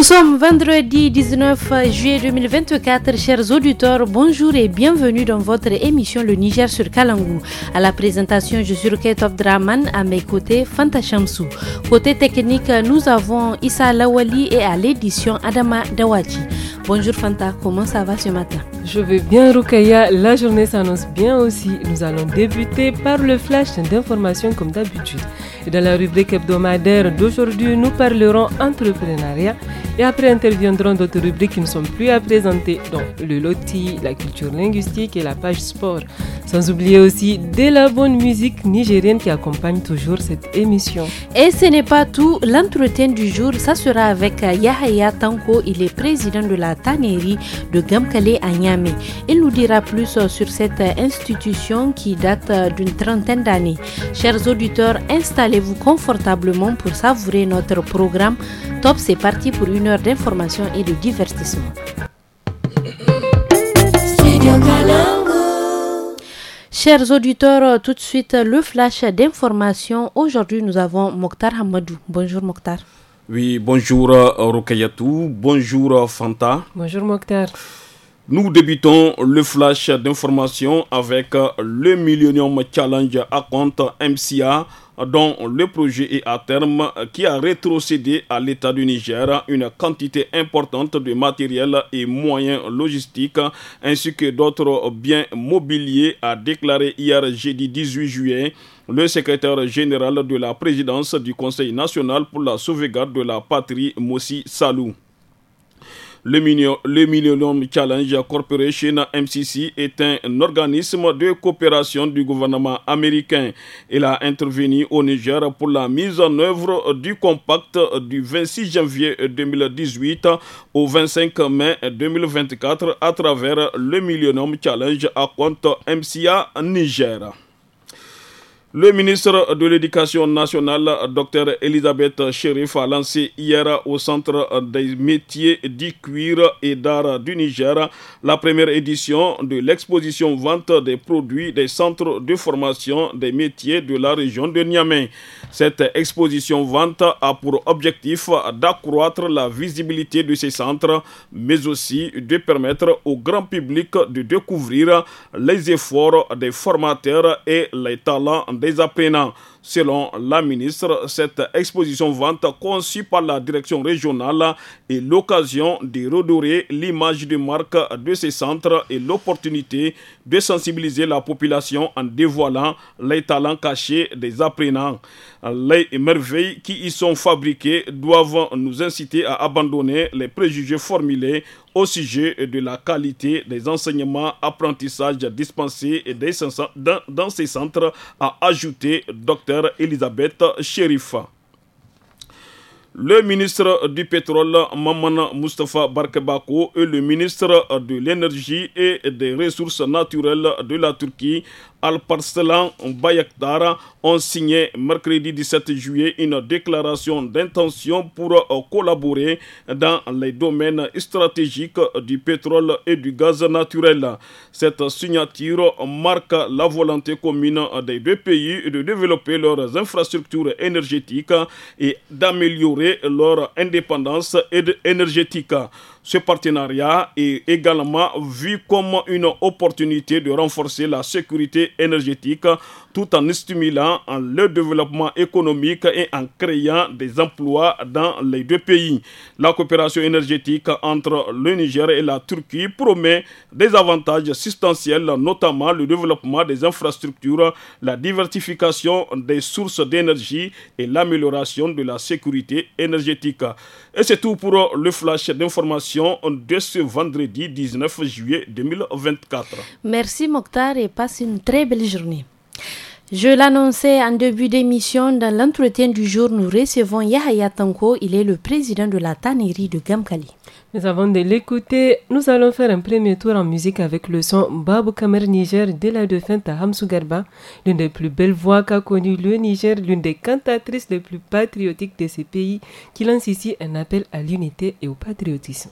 Nous sommes vendredi 19 juillet 2024, chers auditeurs, bonjour et bienvenue dans votre émission Le Niger sur Kalangu. À la présentation, je suis of Draman, à mes côtés, Fanta Chamsou. Côté technique, nous avons Issa Lawali et à l'édition Adama Dawaji. Bonjour Fanta, comment ça va ce matin Je vais bien Rukaya, la journée s'annonce bien aussi. Nous allons débuter par le flash d'informations comme d'habitude. Dans la rubrique hebdomadaire d'aujourd'hui, nous parlerons entrepreneuriat et après interviendront d'autres rubriques qui ne sont plus à présenter, dont le loti, la culture linguistique et la page sport. Sans oublier aussi de la bonne musique nigérienne qui accompagne toujours cette émission. Et ce n'est pas tout, l'entretien du jour, ça sera avec Yahya Tanko, il est président de la Taneri de Gamkale à Niamey. Il nous dira plus sur cette institution qui date d'une trentaine d'années. Chers auditeurs, installez-vous confortablement pour savourer notre programme. Top, c'est parti pour une heure d'information et de divertissement. Chers auditeurs, tout de suite le flash d'information. Aujourd'hui, nous avons Mokhtar Hamadou. Bonjour Mokhtar. Oui, bonjour euh, Rokayatou, bonjour euh, Fanta. Bonjour Mokhtar. Nous débutons le flash d'information avec euh, le Millennium Challenge à compte MCA dont le projet est à terme qui a rétrocédé à l'État du Niger une quantité importante de matériel et moyens logistiques ainsi que d'autres biens mobiliers a déclaré hier jeudi 18 juillet le secrétaire général de la présidence du Conseil national pour la sauvegarde de la patrie, Mossi Salou. Le, Millennium Challenge Corporation MCC est un organisme de coopération du gouvernement américain. Il a intervenu au Niger pour la mise en œuvre du compact du 26 janvier 2018 au 25 mai 2024 à travers le Millennium Challenge à compte MCA Niger. Le ministre de l'Éducation nationale, Dr Elisabeth Chérif a lancé hier au Centre des métiers du cuir et d'art du Niger la première édition de l'exposition vente des produits des centres de formation des métiers de la région de Niamey. Cette exposition vente a pour objectif d'accroître la visibilité de ces centres, mais aussi de permettre au grand public de découvrir les efforts des formateurs et les talents des apprenants. Selon la ministre, cette exposition vente conçue par la direction régionale est l'occasion de redorer l'image de marque de ces centres et l'opportunité de sensibiliser la population en dévoilant les talents cachés des apprenants. Les merveilles qui y sont fabriquées doivent nous inciter à abandonner les préjugés formulés au sujet de la qualité des enseignements apprentissages dispensés dans ces centres, a ajouté Dr Elisabeth Sheriff. Le ministre du Pétrole, Mamana Mustafa Barkebako, et le ministre de l'Énergie et des Ressources naturelles de la Turquie, Alparslan Bayaktar, ont signé mercredi 17 juillet une déclaration d'intention pour collaborer dans les domaines stratégiques du pétrole et du gaz naturel. Cette signature marque la volonté commune des deux pays de développer leurs infrastructures énergétiques et d'améliorer leur indépendance énergétique. Ce partenariat est également vu comme une opportunité de renforcer la sécurité énergétique tout en stimulant le développement économique et en créant des emplois dans les deux pays. La coopération énergétique entre le Niger et la Turquie promet des avantages substantiels, notamment le développement des infrastructures, la diversification des sources d'énergie et l'amélioration de la sécurité énergétique. Et c'est tout pour le flash d'information de ce vendredi 19 juillet 2024. Merci Mokhtar et passe une très belle journée. Je l'annonçais en début d'émission, dans l'entretien du jour, nous recevons Yahya Tanko, il est le président de la tannerie de Gamkali. Nous avons de l'écouter, nous allons faire un premier tour en musique avec le son Babou Kamer Niger de la défunte Hamsou Garba, l'une des plus belles voix qu'a connue le Niger, l'une des cantatrices les plus patriotiques de ce pays, qui lance ici un appel à l'unité et au patriotisme.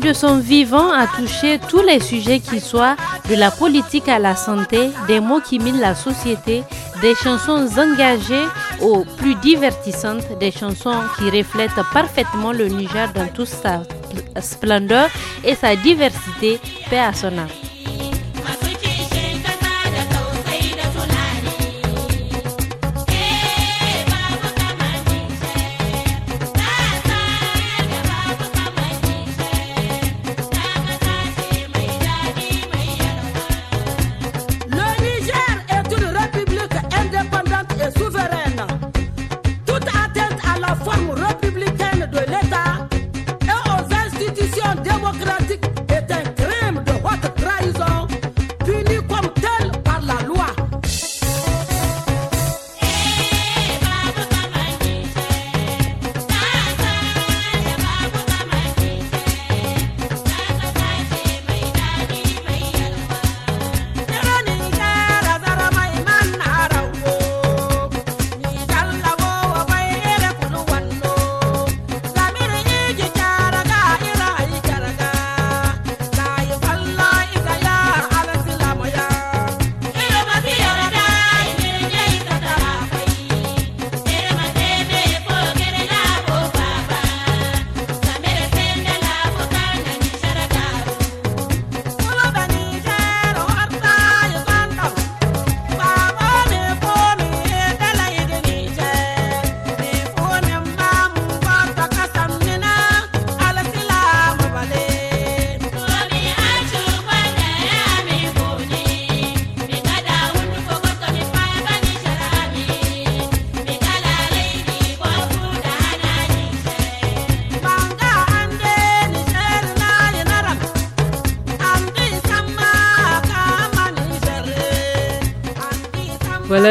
de son vivant, a touché tous les sujets qui soient, de la politique à la santé, des mots qui minent la société, des chansons engagées aux plus divertissantes, des chansons qui reflètent parfaitement le Niger dans toute sa splendeur et sa diversité, personnelle.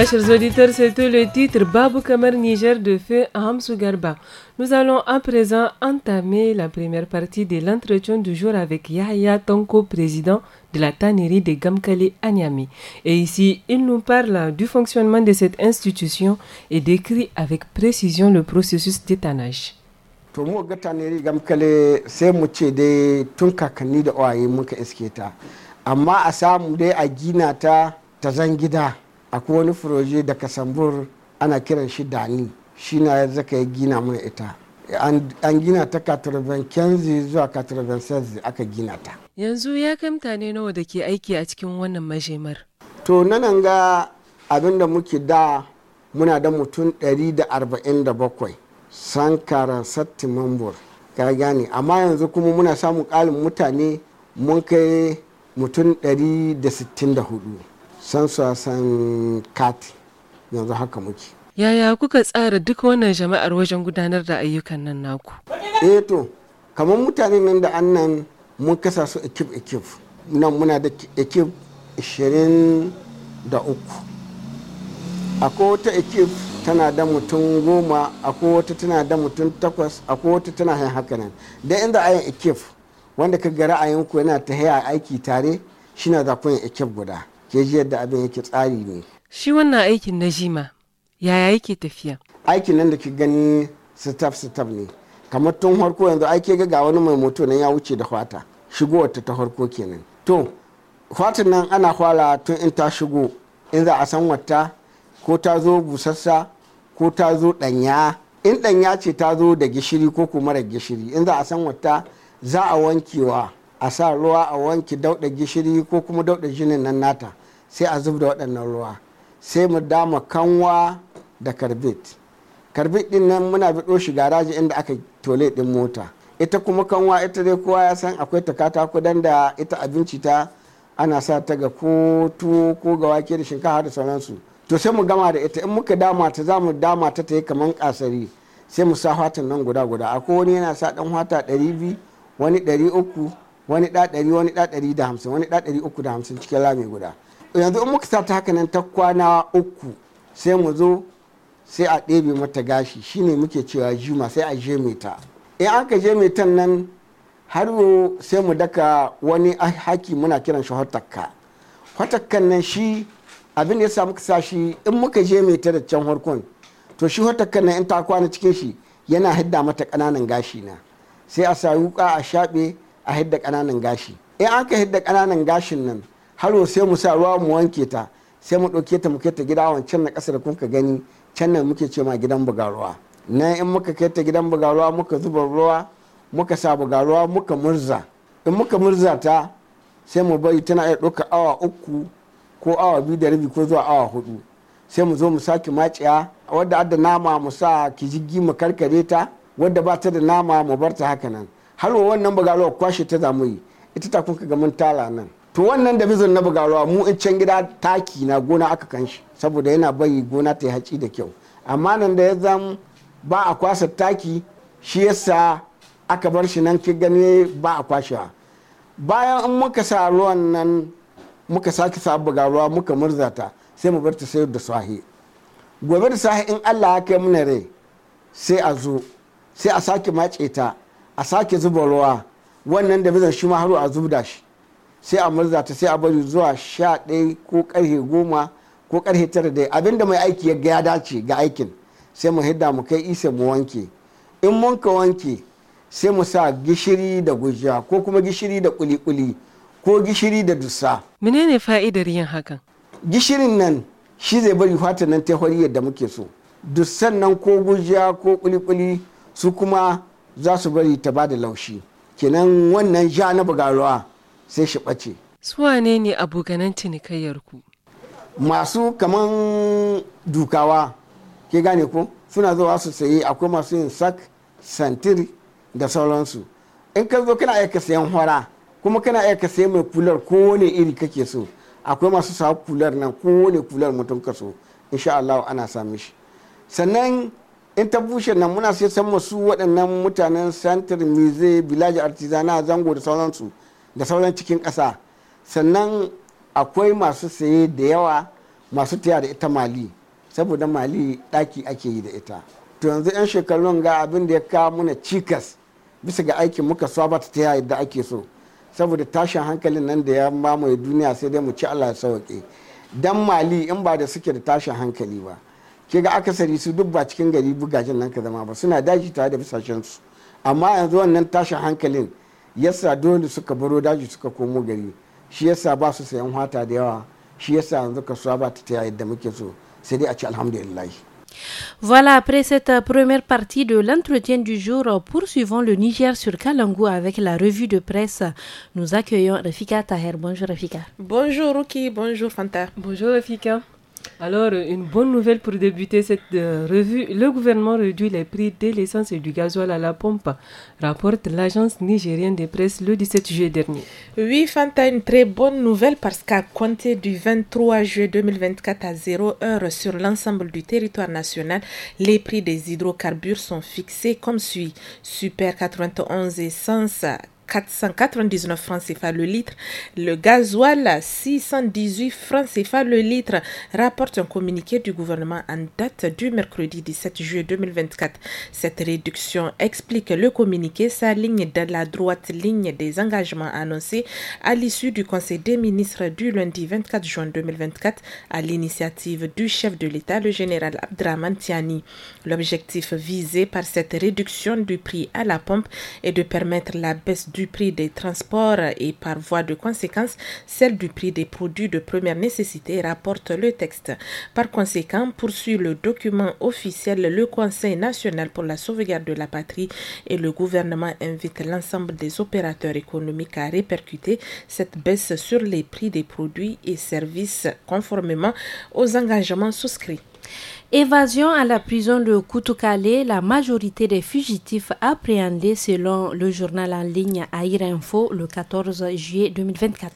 chers auditeurs, c'était le titre Babou Kamar Niger de Feu Hamsou Garba. Nous allons à présent entamer la première partie de l'entretien du jour avec Yahya Tonko, président de la tannerie de Gamkale Anyami. Et ici, il nous parle du fonctionnement de cette institution et décrit avec précision le processus d'étanage. taneri muka amma a samu a ta akwai wani furoje da kasambur ana kiran shi dani shi na zaka ya gina mana ita an gina ta kenzi zuwa sezi aka gina ta yanzu ya kai mutane nawa da ke aiki a cikin wannan mashimar to nan ga abin da muke da muna da mutum 147 sankaran satti mambur ka gane amma yanzu kuma muna samun ƙarin mutane mun kai mutum 164 san kati yanzu haka muke yaya kuka tsara duk wannan jama'ar wajen gudanar da ayyukan nan naku eh to kamar mutane nan da annan mun kasa su ekip ekip nan muna da ekip 23 akwai wata ekip tana da mutum goma akwai wata tana da mutum takwas akwai wata tana yin haka nan da inda ayin ekip wanda ka ga ra'ayinku yana ta haya aiki tare shi na za ekip guda ke ji yadda abin yake tsari ne shi wannan aikin na jima yaya yake tafiya aikin nan da ke gani staff staff ne kamar tun harko yanzu ake ga wani mai moto nan ya wuce da fata shigowar ta ta harko kenan to fatan nan ana fara tun in ta shigo in za a san wata ko ta zo busassa ko ta zo danya in danya ce ta zo da gishiri ko kuma da gishiri in za a san wata za a wankewa a sa ruwa a wanke dauɗa gishiri ko kuma dauɗa jinin nan nata sai a zub da waɗannan ruwa sai mu dama kanwa da karbit karbit din nan muna biɗo shi garaji inda aka tole ɗin mota ita kuma kanwa ita dai kowa ya san akwai ta katako dan da ita abinci ta ana sa ta ga ko tuwo ko ga wake da shinkafa da sauransu to sai mu gama da ita in muka dama ta za mu dama ta ta yi kamar kasari sai mu sa fatan nan guda guda akwai wani yana sa dan fata biyu wani ɗari uku wani ɗa ɗari wani da hamsin wani ɗari uku da hamsin cikin rami guda yanzu in muka sata haka nan ta kwana uku sai mu zo sai a ɗebe mata gashi shine muke cewa juma sai a je ta in aka je ta nan har sai mu daka wani haki muna kiran shi hotakka hotakkan nan shi abin da ya samu sa shi in muka je ta da can harkon to shi hotakkan nan in ta kwana cikin shi yana hidda mata kananan gashi na sai a sa wuka a shaɓe a hidda ƙananan gashi in aka hidda kananan gashin nan haro sai mu sa ruwa mu wanke ta sai mu ɗauke ta mu kai ta gida wancan na ƙasa da kun ka gani can nan muke ce ma gidan bugaruwa na in muka kai ta gidan bugaruwa muka zuba ruwa muka sa bugaruwa muka murza in muka murza ta sai mu bari tana iya ɗauka awa uku ko awa biyu da rabi ko zuwa awa hudu sai mu zo mu sake maciya wadda adda nama mu sa kijigi mu karkare ta wadda ba ta da nama mu bar ta haka nan har wannan bugaruwa kwashe ta zamu yi ita ta kun ka ga mun tala nan to wannan da bizon na bugarwa mu in can gida taki na gona aka kan shi saboda yana bari gona ta yi haci da kyau amma nan da ya zama ba a kwasa taki shi yasa aka bar shi nan ki gane ba a kwashewa bayan in muka sa ruwan nan muka sake sa buga ruwa muka murzata sai mu bar ta sayar da sahi gobe da sahi in Allah ya kai mun rai sai a zo sai a sake mace ta a sake zuba ruwa wannan da bizan shi ma har a zubda shi sai a murza ta sai a bari zuwa sha ɗaya ko ƙarfe goma ko ƙarfe tara dai abinda mai aiki ya ya dace ga aikin sai mu hidda mu kai isa mu wanke in mun ka wanke sai mu sa gishiri da gujiya ko kuma gishiri da kuli-kuli ko gishiri da dusa menene fa'idar yin hakan gishirin nan shi zai bari fata nan ta yadda muke so dusan nan ko gujiya ko kuli-kuli su kuma za su bari ta ba da laushi kenan wannan ja na bugaruwa sai shi ɓace. wane ne abokanan cinikayyar ku masu kaman dukawa ke gane ko suna zuwa su sayi akwai masu yin sak santir da sauransu in ka zo kana aika sayan hora kuma kana aika sayan mai kular kowane iri kake so akwai masu sawa kular nan kowane kular mutum ka so insha Allah ana sami shi sannan in ta bushe nan muna sai san masu waɗannan mutanen santir mize village artizana, zango da sauransu da sauran cikin ƙasa sannan akwai masu saye da yawa masu taya da ita mali saboda mali ɗaki ake yi da ita to yanzu 'yan shekarun ga abin da ya kawo muna cikas bisa ga aikin muka saba ta taya yadda ake so saboda tashin hankalin nan da ya mamaye duniya sai dai mu ci allah ya sauke dan mali in ba da suke da tashin hankali ba ke ga akasari su duk ba cikin gari bugajin nan ka zama ba suna daji tare da bisashen su amma yanzu wannan tashin hankalin Voilà, après cette euh, première partie de l'entretien du jour, poursuivons le Niger sur Kalangou avec la revue de presse. Nous accueillons Rafika Taher. Bonjour Rafika. Bonjour Ruki, bonjour Fanta. Bonjour Rafika. Alors, une bonne nouvelle pour débuter cette euh, revue. Le gouvernement réduit les prix de l'essence et du gasoil à la pompe, rapporte l'agence nigérienne des presse le 17 juillet dernier. Oui, Fanta, une très bonne nouvelle parce qu'à compter du 23 juillet 2024 à 0 heure sur l'ensemble du territoire national, les prix des hydrocarbures sont fixés comme suit. Super 91 essence 499 francs CFA le litre. Le gasoil à 618 francs CFA le litre, rapporte un communiqué du gouvernement en date du mercredi 17 juillet 2024. Cette réduction explique le communiqué s'aligne de la droite ligne des engagements annoncés à l'issue du Conseil des ministres du lundi 24 juin 2024 à l'initiative du chef de l'État, le général Abdraman Tiani. L'objectif visé par cette réduction du prix à la pompe est de permettre la baisse du prix des transports et par voie de conséquence celle du prix des produits de première nécessité, rapporte le texte. Par conséquent, poursuit le document officiel, le Conseil national pour la sauvegarde de la patrie et le gouvernement invite l'ensemble des opérateurs économiques à répercuter cette baisse sur les prix des produits et services conformément aux engagements souscrits. Évasion à la prison de Koutoukalé, la majorité des fugitifs appréhendés selon le journal en ligne Aïr Info le 14 juillet 2024.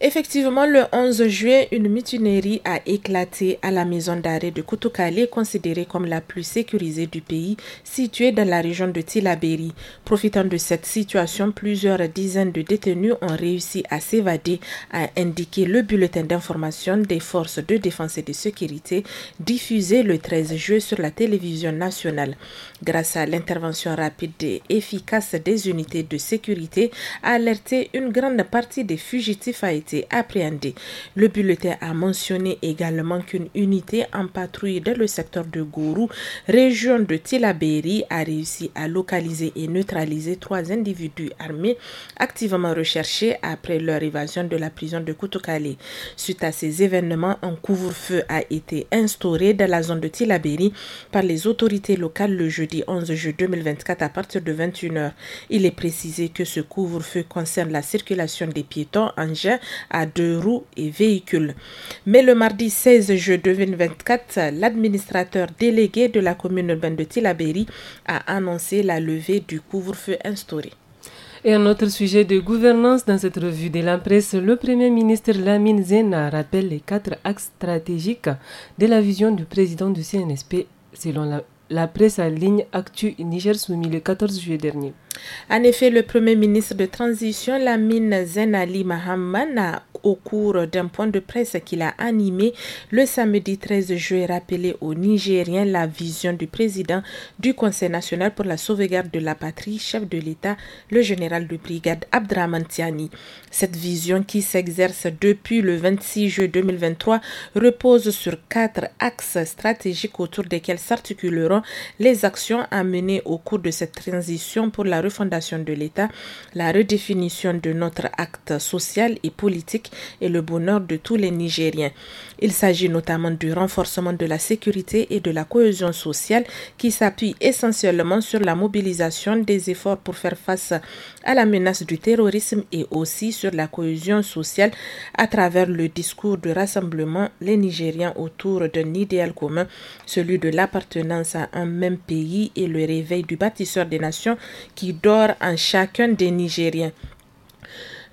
Effectivement, le 11 juillet, une mutinerie a éclaté à la maison d'arrêt de Koutoukalé, considérée comme la plus sécurisée du pays, située dans la région de Tilaberi. Profitant de cette situation, plusieurs dizaines de détenus ont réussi à s'évader, a indiqué le bulletin d'information des forces de défense et de sécurité diffusé le 13 juillet sur la télévision nationale. Grâce à l'intervention rapide et efficace des unités de sécurité alerté, une grande partie des fugitifs a été appréhendée. Le bulletin a mentionné également qu'une unité en patrouille dans le secteur de Gourou, région de Tilaberi, a réussi à localiser et neutraliser trois individus armés activement recherchés après leur évasion de la prison de Koutoukali. Suite à ces événements, un couvre-feu a été instauré dans la zone de Tilaberi par les autorités locales le jeudi 11 juin 2024 à partir de 21h. Il est précisé que ce couvre-feu concerne la circulation des piétons, engins à deux roues et véhicules. Mais le mardi 16 juin 2024, l'administrateur délégué de la commune urbaine de Tilaberi a annoncé la levée du couvre-feu instauré. Et un autre sujet de gouvernance dans cette revue de la presse, le Premier ministre Lamine Zena rappelle les quatre axes stratégiques de la vision du président du CNSP selon la, presse en ligne Actu Niger soumis le 14 juillet dernier. En effet, le Premier ministre de transition, Lamine Zen Ali Mahamman, au cours d'un point de presse qu'il a animé le samedi 13 juillet, rappelé aux Nigériens la vision du président du Conseil national pour la sauvegarde de la patrie, chef de l'État, le général de brigade Abdramantiani. Cette vision qui s'exerce depuis le 26 juillet 2023 repose sur quatre axes stratégiques autour desquels s'articuleront les actions à mener au cours de cette transition pour la Fondation de l'État, la redéfinition de notre acte social et politique et le bonheur de tous les Nigériens. Il s'agit notamment du renforcement de la sécurité et de la cohésion sociale qui s'appuie essentiellement sur la mobilisation des efforts pour faire face à la menace du terrorisme et aussi sur la cohésion sociale à travers le discours de rassemblement les Nigériens autour d'un idéal commun, celui de l'appartenance à un même pays et le réveil du bâtisseur des nations qui dort en chacun des Nigériens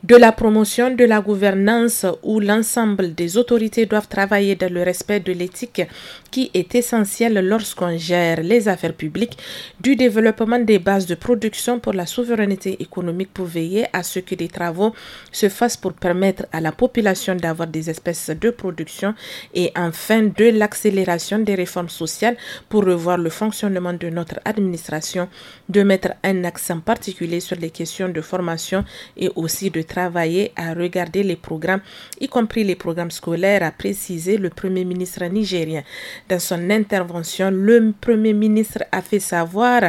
de la promotion de la gouvernance où l'ensemble des autorités doivent travailler dans le respect de l'éthique qui est essentielle lorsqu'on gère les affaires publiques, du développement des bases de production pour la souveraineté économique pour veiller à ce que des travaux se fassent pour permettre à la population d'avoir des espèces de production et enfin de l'accélération des réformes sociales pour revoir le fonctionnement de notre administration, de mettre un accent particulier sur les questions de formation et aussi de travailler à regarder les programmes, y compris les programmes scolaires, a précisé le Premier ministre nigérien. Dans son intervention, le Premier ministre a fait savoir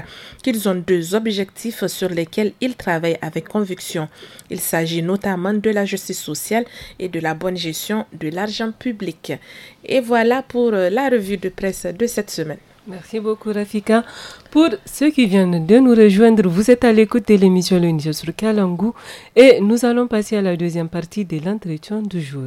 qu'ils ont deux objectifs sur lesquels ils travaillent avec conviction. Il s'agit notamment de la justice sociale et de la bonne gestion de l'argent public. Et voilà pour euh, la revue de presse de cette semaine. Merci beaucoup Rafika. Pour ceux qui viennent de nous rejoindre, vous êtes à l'écoute de l'émission Le sur Kalangu et nous allons passer à la deuxième partie de l'entretien du jour.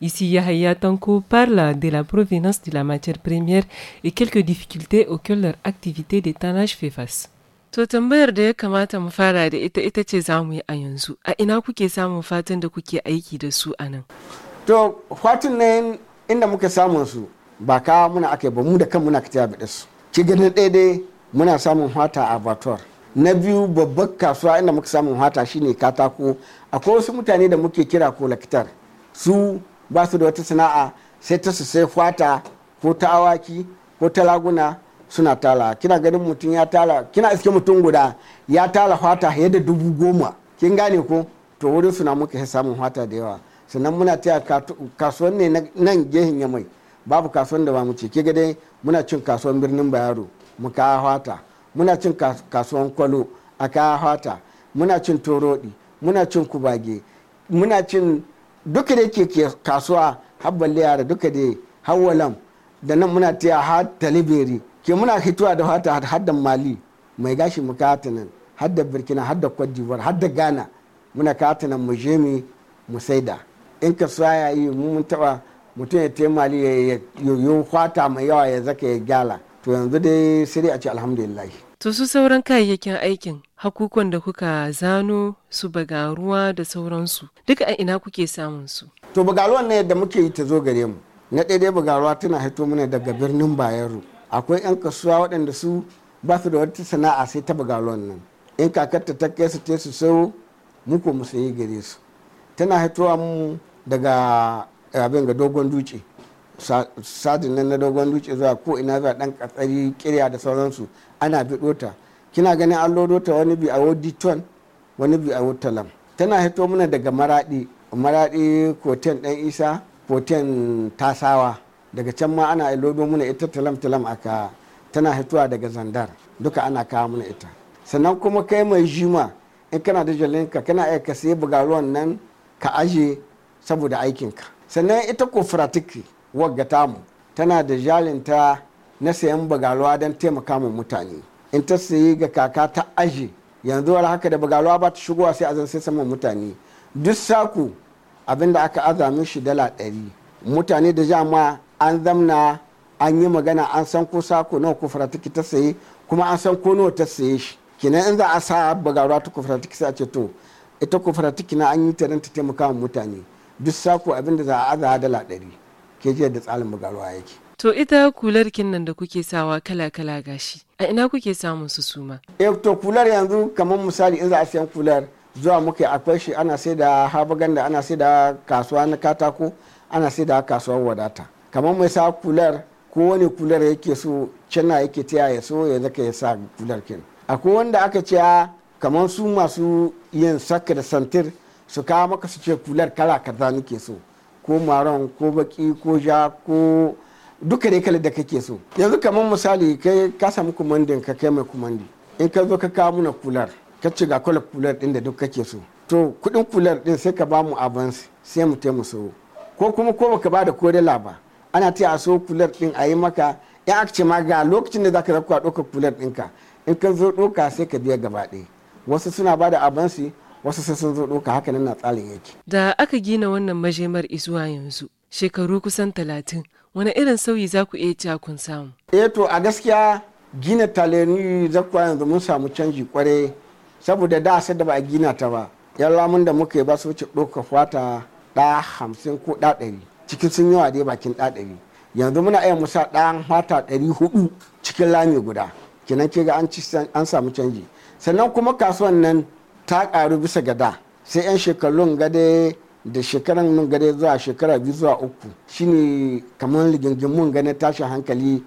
Ici, Yahya Tanko parle de la provenance de la matière première et quelques difficultés auxquelles leur activité d'étalage fait face. To tambayar da ya kamata mu fara da ita ita ce za mu yi a yanzu. A ina kuke samun fatan da kuke aiki da su a nan? To, fatin nan inda muke samun su, ba ka muna aka ba mu da kan muna kitiya bi su ki ganin daidai muna samun hata a batuwar na biyu babban kasuwa inda muka samun hata shine katako akwai wasu mutane da muke kira ko kolaktar su ba su da wata sana'a sai ta su sai fata ko ta awaki ko ta laguna suna tala kina ganin mutum ya tala kina iske mutum guda ya tala hata fiye da dubu goma kin gane ko to wurin suna muka samun fata da yawa sannan muna taya kasuwan ne nan gehin ya mai babu kasuwan da ba mu ce kiga dai muna cin kasuwan birnin bayaro mu kaya hwata. muna cin kasuwan kwalo a kaya hwata. muna cin torodi muna cin kubage muna cin duka da ke kasuwa habban yara duka da hawalam da nan muna taya har talibiri ke muna hituwa da hata haddan mali mai gashi mu kata nan burkina hadda cote d'ivoire har ghana muna nan mu je mu saida in kasuwa yayi mun taba mutum ya taimali ya yi kwata mai yawa ya zaka ya gyala to yanzu dai sai a ce alhamdulillah to su sauran kayayyakin aikin hakukan da kuka zano su bagaruwa da sauransu duka a ina kuke samun su to bagaruwan ne da muke yi ta zo gare mu na daidai bagaruwa tana haito mana daga birnin bayero akwai 'yan kasuwa waɗanda su ba su da wata sana'a sai ta bagaruwan nan in kakarta ta kai su te su sayo muku mu sayi gare su tana haitowa mu daga Eh, abin ga dogon duce sadin nan na dogon duce zuwa ko ina zuwa dan katsari kirya da sauransu ana biɗo kina ganin an lodo ta wani bi a ton wani bi a wutalam tana hito mana daga maraɗi maraɗi koten ɗan isa koten tasawa daga can ma ana lodo mana ita talam talam aka tana hitowa daga zandar duka ana kawo mana ita sannan kuma kai mai jima in kana da jalinka kana iya ka sai buga ruwan nan ka aje saboda aikinka sannan ita firatiki wagga tamu tana da jalinta na sayan bagaluwa don taimaka mu mutane in ta sayi ga kaka ta aji yanzu har haka da bagaluwa ba ta shigowa sai azan sai saman mutane duk saku abinda aka azamin shi dala ɗari mutane da jama an zamna an yi magana an san ko sako nawa firatiki ta sayi kuma an san ko nawa ta saye shi kenan in za a sa bagaruwa ta firatiki sai a ce to ita firatiki na an yi ta ta taimaka wa mutane duk sako abin da za a aza dala ɗari ke jiya da tsarin bugarwa yake to ita kular kinnan da kuke sawa kala kala gashi a ina kuke samun su suma eh to kular yanzu kamar misali in za a siyan kular zuwa muke akwai shi ana sai da habaganda ana sai da kasuwa na katako ana sai da kasuwar wadata kamar mai sa kular ko wani kular yake so cina yake taya ya so ya zaka ya sa kular kin akwai wanda aka ce kamar su masu yin saka da santir su kawo maka su ce kular kala kaza nake so ko maron ko baki ko ja ko duka dai kalar da kake so yanzu kamar misali kai ka samu kumandin ka kai mai kumandi in ka zo ka kawo muna kular ka ci ga kwalar kular din da duk kake so to kudin kular din sai ka ba mu sai mu taimu so ko kuma ko baka ba da ko da ba ana ta a so kular din a yi maka in aka ce ma ga lokacin da zaka zaka ɗauka kular ɗinka in ka zo ɗauka sai ka biya gaba ɗaya wasu suna ba da abansi wasu sai sun zo doka haka nan na tsarin yake. Da aka gina wannan majemar izuwa yanzu shekaru kusan talatin wani irin sauyi za ku iya cewa kun samu. Eh to a gaskiya gina talenu ku yanzu mun samu canji kware saboda da sai da ba a gina ta ba yan lamun da muka yi ba su wuce doka fata ɗa hamsin ko ɗa ɗari cikin sun yawa dai bakin ɗa ɗari yanzu muna iya musa ɗan fata ɗari hudu cikin lami guda kenan ke ga an samu canji sannan kuma kasuwan nan ta karu bisa gada sai 'yan shekarun gade da shekaran nun gade zuwa shekara biyu zuwa uku shine kamar rigingimun gane tashin hankali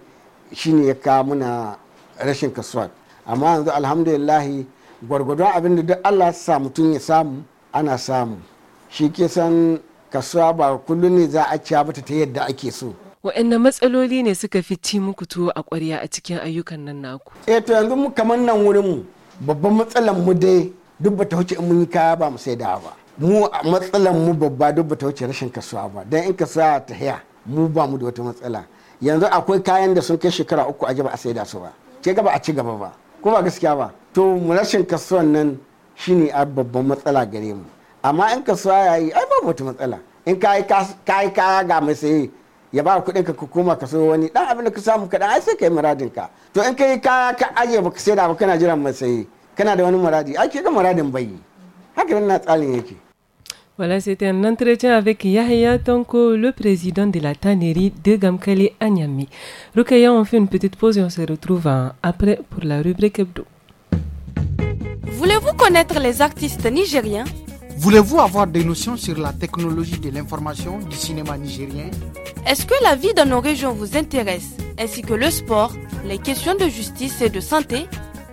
shine ya kawo muna rashin kasuwa amma yanzu alhamdulillahi gwargwadon abin da duk allah sa mutum ya samu ana samu shi ke san kasuwa ba kullum ne za a ciya bata ta yadda ake so waɗanne matsaloli ne suka fi ci muku tuwo a ƙwarya a cikin ayyukan nan naku eh to yanzu mu kamar nan wurin mu babban matsalar mu dai duk bata wuce in mun yi kaya ba mu sai da ba mu a matsalan mu babba duk bata wuce rashin kasuwa ba dan in kasuwa ta haya mu ba mu da wata matsala yanzu akwai kayan da sun kai shekara uku a ba a sai da su ba ke gaba a ci gaba ba ko ba gaskiya ba to mu rashin kasuwan nan shine a babban matsala gare mu amma in kasuwa yayi ai babu wata matsala in ka yi kaya ga mai saye ya ba kuɗin ka koma ka so wani dan abin da ka samu kaɗan ai sai ka yi muradin ka to in ka yi kaya ka ajiye ba ka sai ba kana jiran mai saye Voilà, c'était un entretien avec Yahya Tonko, le président de la tannerie de Gamkali à Niamey. Rukaya, on fait une petite pause et on se retrouve après pour la rubrique hebdo. Voulez-vous connaître les artistes nigériens Voulez-vous avoir des notions sur la technologie de l'information du cinéma nigérien Est-ce que la vie dans nos régions vous intéresse, ainsi que le sport, les questions de justice et de santé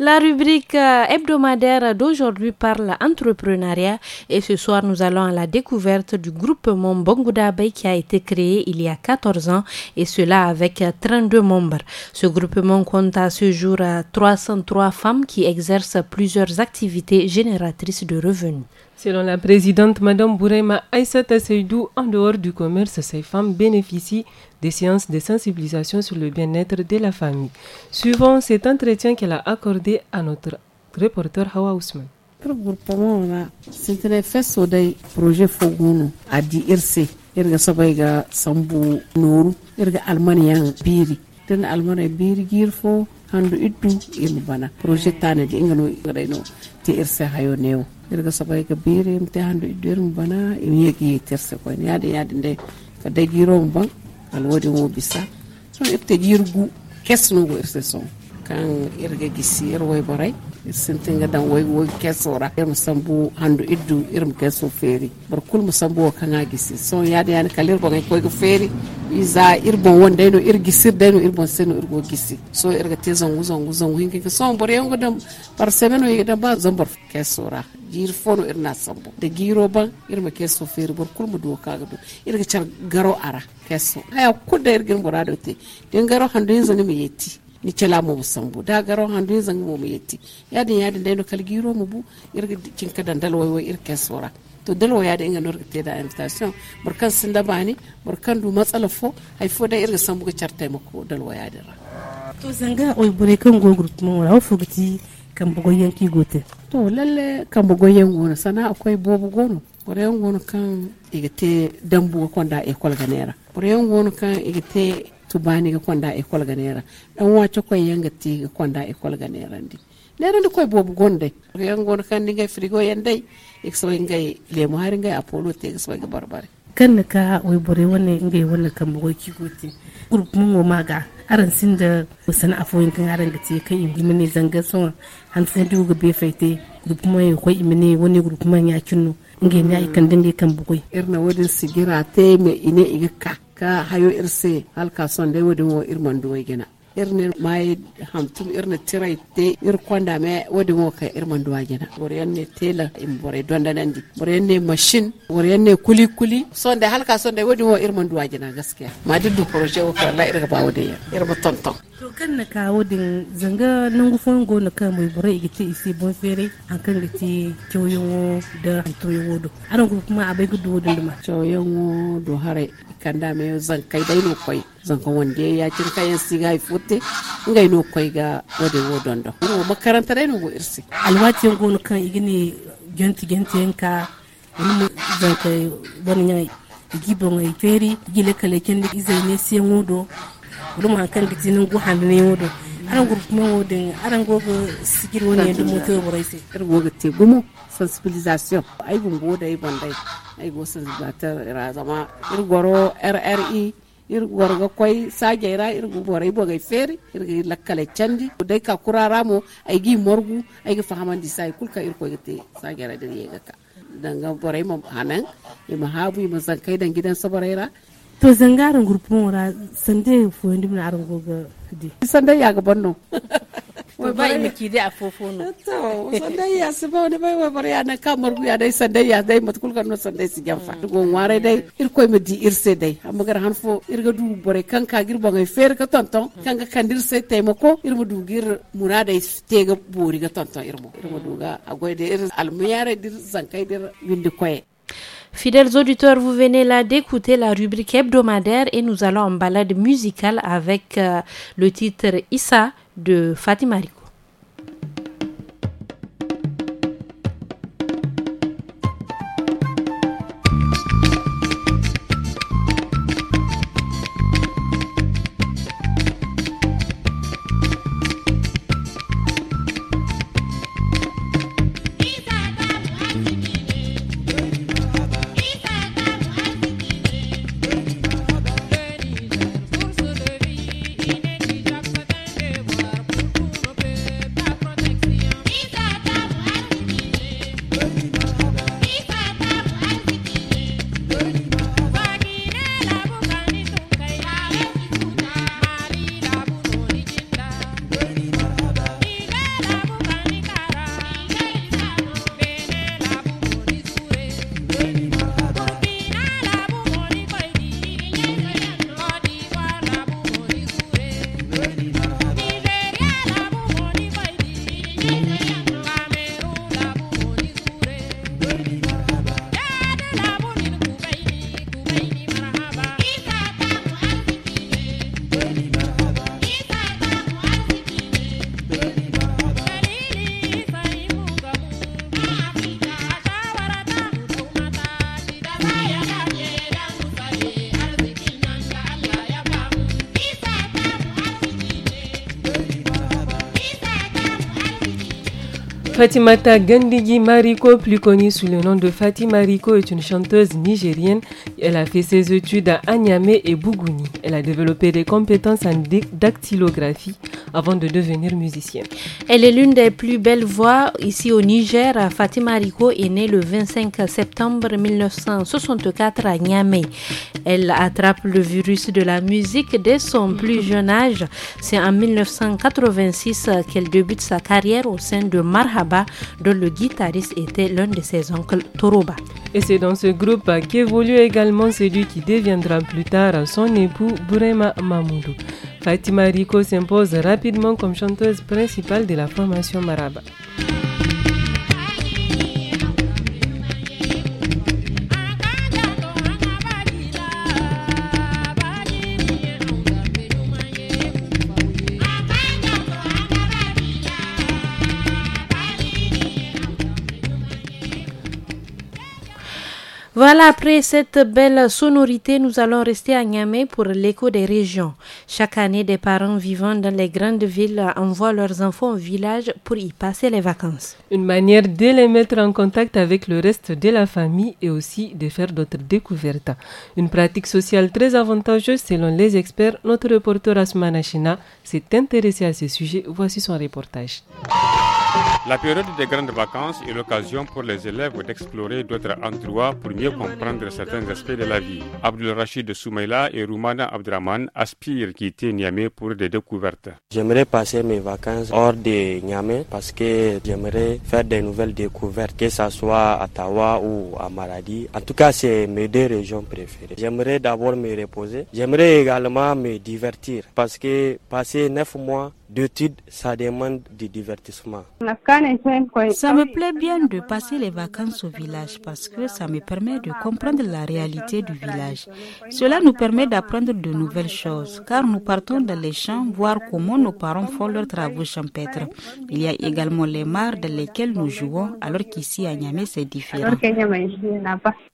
La rubrique euh, hebdomadaire d'aujourd'hui parle entrepreneuriat et ce soir nous allons à la découverte du groupement Bongouda Bay qui a été créé il y a 14 ans et cela avec 32 membres. Ce groupement compte à ce jour 303 euh, femmes qui exercent plusieurs activités génératrices de revenus. Selon la présidente Madame Bourema Aïssata Seydou, en dehors du commerce, ces femmes bénéficient des séances de sensibilisation sur le bien-être de la famille. Suivant cet entretien qu'elle a accordé à notre reporter Hawa Ousmane. Pour na sintene sur dai projet a adi irse irga sabai ga sambu noru irga almaniyan hein, biri ten almana biri girfo handu iddu ilmu bana projet tane de été irga no te irse hayo irga sabai ga biri mte handu idirin bana in yegi terse ko ni yadi yadi nde ka da giro ban alwodi mo bisa so ifte jirgu kesno go irse so kan irga gisi way boray sentengadan waywoy kesora ir musambu handu iddu ir ir bon wonde no ir gisir de no ir bon seno fono ir na sambo da giro ban ir ma keso feri bor kul mu do kaga do yeti ni cela mo sambu da garo handu zan mo yetti yadin yadin da no giro mo bu irga cinka dandal way way irka sora to dalwa ya da inga nor te da invitation burkan sin da bani burkan du matsala fo hay fo da irga sambu ga charta mo ko dalwa ya ra. to zanga oy bure kan go group mo ra fo gati kan bugo yanki gote to lalle kan bugo yan wona sana akwai bobu gono bure yan wona kan igate dambu ko da e kolganera bure yan wona kan igate tu bani ga kwanda e ga nera dan wacho ko yanga ti ga kwanda e ga nera ndi nera ndi koy bobu gonde yang gon e e kan ndi ngay frigo yende so ngay le mo har ngay apolo te so ngay barbare kan ka wai bore woni ngay woni kan bo ki goti group mun wo maga aran sin da sana yin kan aran gati kai imini zanga so han sai duga be fete group mun ko imini woni group mun ya kinno ngemi ay kan dingi kan irna wodin sigira te me ine iga hayo irse er halka son dai wodin wo er irne mai hamtum irne tirai te ir kwanda me wodi mo ka ir mandu wajena boryan ne tela im bore donda nandi boryan ne machine boryan ne kuli kuli sonde halka sonde wodi mo ir mandu wajena gaskiya ma duddu projet o ka ir ba wodi ya ir ba tonton to kan na ka din zanga nungu go na ka mai bore igiti isi bon fere an kan giti kyoyon da antoyo wodo aran kuma abai gudu wodo ma kyoyon wodo hare kanda me zan kai dai no koi zan kan wanda ya cin kayan siga fut sitte ngay no koy ga wode wodon do no makaranta dai no go irsi alwati ngono kan igini jonti en enka ni zanta wani gibo ngay feri gile kale ken da izai ne sai wodo rum hankan gitinin guhan ne wodo aran gurfu ne wode aran gogo sigir en yadda mutu burai raise er gogo te gumo sensibilisation ay gungo da ay bandai ay go sensibilisation ra zama ir goro rri irgu warga koy sajaira irgu bora iboga feri irgu lakkale candi dai ka kuraramo ay gi morgu ay gi fahamandi sai kulka irko gite sajaira dir yega ka danga bora ima hanan ma habu ima zankai dan gidan saboraira to zangara gurpun wara sande fo ndimna arngo ga di sande ya bonno wai bai miki dai a fofono to sandai ya su ba wani bai wai bare ya na kamar ya dai sandai ya dai mat kulkan no sandai si jamfa mm. gon ware dai ir koy mi di ir se dai amma gar han fo ir ga du bore kan ka gir ba ngai fer ka tonton mm. kan ga kandir se taimako ir mu du gir murada te ga bori ga tonton mm. ir mu ir mu du ga agoy de ir almuyare dir zankai dir windi koye Fidèles auditeurs, vous venez là d'écouter la rubrique hebdomadaire et nous allons en balade musicale avec euh, le titre Issa de Fatima Rico. Fatimata Gandigi Mariko, plus connue sous le nom de Fatima Mariko, est une chanteuse nigérienne elle a fait ses études à Niamey et Bougouni. Elle a développé des compétences en dactylographie avant de devenir musicienne. Elle est l'une des plus belles voix ici au Niger. Fatima Rico est née le 25 septembre 1964 à Niamey. Elle attrape le virus de la musique dès son plus jeune âge. C'est en 1986 qu'elle débute sa carrière au sein de Marhaba, dont le guitariste était l'un de ses oncles Toroba. Et c'est dans ce groupe qu'évolue également celui qui deviendra plus tard son époux, Burema Mamoudou. Fatima Rico s'impose rapidement comme chanteuse principale de la formation Maraba. Voilà, après cette belle sonorité, nous allons rester à Niamey pour l'écho des régions. Chaque année, des parents vivant dans les grandes villes envoient leurs enfants au village pour y passer les vacances. Une manière de les mettre en contact avec le reste de la famille et aussi de faire d'autres découvertes. Une pratique sociale très avantageuse selon les experts. Notre reporter Asmana Chena s'est intéressé à ce sujet. Voici son reportage. La période des grandes vacances est l'occasion pour les élèves d'explorer d'autres endroits pour mieux comprendre certains aspects de la vie. Abdul Rachid Soumaïla et Roumana Abdraman aspirent quitter Niamey pour des découvertes. J'aimerais passer mes vacances hors de Niamey parce que j'aimerais faire des nouvelles découvertes, que ce soit à Tawa ou à Maradi. En tout cas, c'est mes deux régions préférées. J'aimerais d'abord me reposer. J'aimerais également me divertir parce que passer neuf mois d'études, ça demande du divertissement. Ça me plaît bien de passer les vacances au village parce que ça me permet de comprendre la réalité du village. Cela nous permet d'apprendre de nouvelles choses car nous partons dans les champs voir comment nos parents font leurs travaux champêtres. Il y a également les mares dans lesquelles nous jouons alors qu'ici à Niamey c'est différent.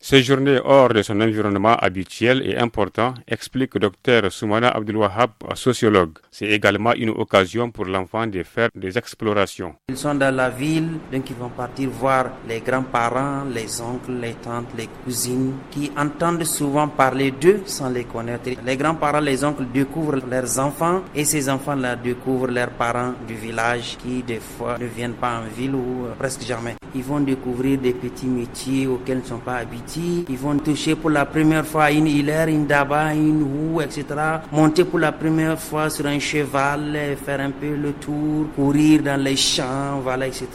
journées hors de son environnement habituel et important, explique docteur Soumana Abdelwahab, sociologue. C'est également une occasion pour l'enfant de faire des explorations. Ils sont dans la ville, donc ils vont partir voir les grands-parents, les oncles, les tantes, les cousines, qui entendent souvent parler d'eux sans les connaître. Les grands-parents, les oncles découvrent leurs enfants et ces enfants-là découvrent leurs parents du village qui des fois ne viennent pas en ville ou euh, presque jamais. Ils vont découvrir des petits métiers auxquels ils ne sont pas habitués. Ils vont toucher pour la première fois une hilaire, une daba, une roue, etc. Monter pour la première fois sur un cheval, faire un peu le tour, courir dans les champs, voilà, etc.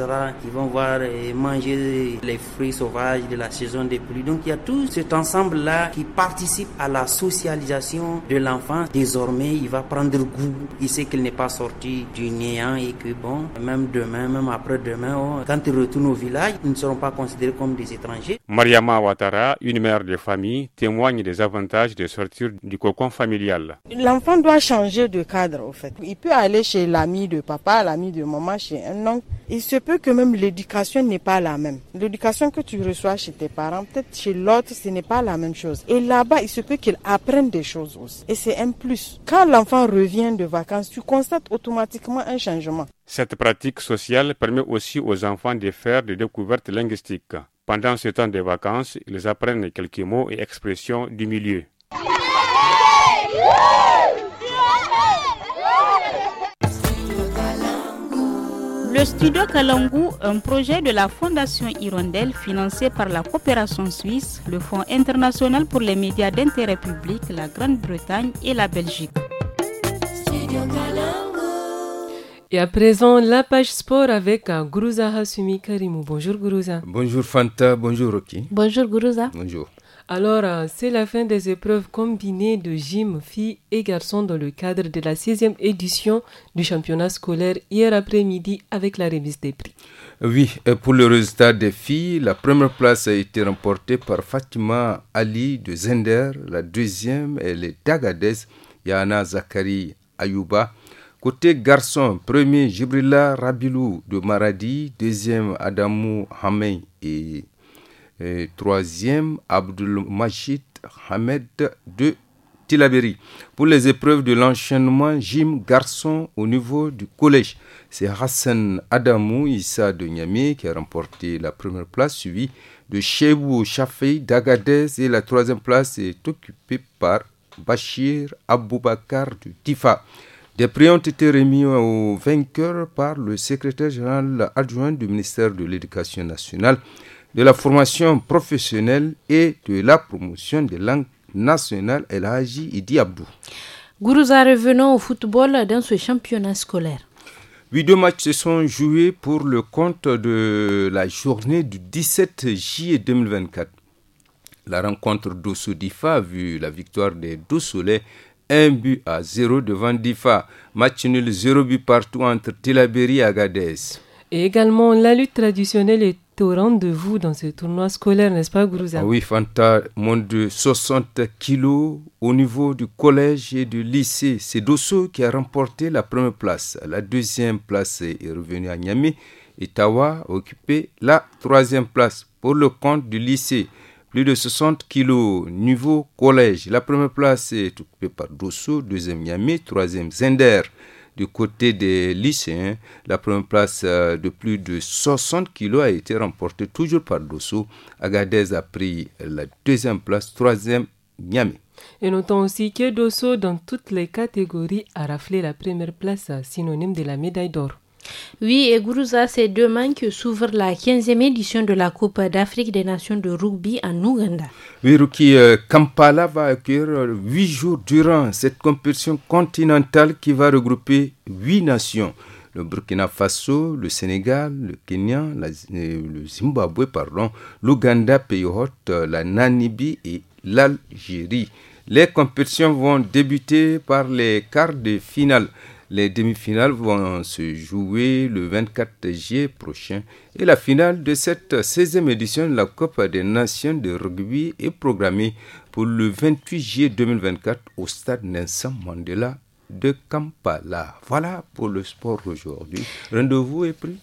Ils vont voir et manger les fruits sauvages de la saison des pluies. Donc il y a tout cet ensemble-là qui participe à la socialisation de l'enfant. Désormais, il va prendre goût. Il sait qu'il n'est pas sorti du néant et que bon, même demain, même après-demain, oh, quand il retourne au village, ils ne seront pas considérés comme des étrangers. Mariama Ouattara, une mère de famille, témoigne des avantages de sortir du cocon familial. L'enfant doit changer de cadre, au fait. Il peut aller chez l'ami de papa, l'ami de maman, chez un oncle. Il se peut que même l'éducation n'est pas la même. L'éducation que tu reçois chez tes parents, peut-être chez l'autre, ce n'est pas la même chose. Et là-bas, il se peut qu'ils apprennent des choses aussi. Et c'est un plus. Quand l'enfant revient de vacances, tu constates automatiquement un changement. Cette pratique sociale permet aussi aux enfants de faire des découvertes linguistiques. Pendant ce temps de vacances, ils apprennent quelques mots et expressions du milieu. Studio Kalangu, un projet de la Fondation Hirondelle financé par la coopération suisse, le Fonds international pour les médias d'intérêt public, la Grande-Bretagne et la Belgique. Et à présent, la page sport avec euh, Gourouza Hasumi Karimou. Bonjour Gourouza. Bonjour Fanta, bonjour Rocky. Bonjour Gourouza. Bonjour. Alors, euh, c'est la fin des épreuves combinées de gym filles et garçons dans le cadre de la sixième e édition du championnat scolaire hier après-midi avec la remise des prix. Oui, et pour le résultat des filles, la première place a été remportée par Fatima Ali de Zender, la deuxième est les Tagadès Yana Zakari Ayuba. Côté garçon, premier Jibrila Rabilou de Maradi, deuxième Adamou Hamein et et troisième, Abdul Majid Hamed de Tilaberi. Pour les épreuves de l'enchaînement Jim garçon au niveau du collège, c'est Hassan Adamou Issa de Niamey qui a remporté la première place, suivi de Chebou Chafei d'Agadez et la troisième place est occupée par Bachir Aboubakar du Tifa. Des prix ont été remis aux vainqueurs par le secrétaire général adjoint du ministère de l'Éducation nationale, de la formation professionnelle et de la promotion des langues nationales, El Haji Idi Abdou. Gourouza, revenons au football dans ce championnat scolaire. Huit deux matchs se sont joués pour le compte de la journée du 17 juillet 2024. La rencontre d'Osso-Difa a vu la victoire des soleils un but à zéro devant Difa. Match nul zéro but partout entre Tilaberi et Agadez. Et également, la lutte traditionnelle est au rendez-vous dans ce tournoi scolaire, n'est-ce pas, Gourouza ah Oui, Fanta, moins de 60 kilos au niveau du collège et du lycée. C'est Dosso qui a remporté la première place. La deuxième place est revenue à Niamey. Itawa a occupé la troisième place pour le compte du lycée. Plus de 60 kilos niveau collège. La première place est occupée par Dosso, deuxième Niamey, troisième Zender du côté des lycéens, la première place euh, de plus de 60 kilos a été remportée toujours par Dosso. Agadez a pris la deuxième place, troisième Niamey. Et notons aussi que Dosso, dans toutes les catégories, a raflé la première place, euh, synonyme de la médaille d'or. Oui, et Gourouza, c'est demain que s'ouvre la 15e édition de la Coupe d'Afrique des Nations de rugby en Ouganda. Oui, Ruki, euh, Kampala va accueillir 8 euh, jours durant cette compétition continentale qui va regrouper 8 nations. Le Burkina Faso, le Sénégal, le Kenya, euh, le Zimbabwe, pardon, l'Ouganda, pays Haut, la Namibie et l'Algérie. Les compétitions vont débuter par les quarts de finale. Les demi-finales vont se jouer le 24 juillet prochain et la finale de cette 16e édition de la Coupe des Nations de rugby est programmée pour le 28 juillet 2024 au stade Nelson Mandela de Kampala. Voilà pour le sport aujourd'hui. Rendez-vous est pris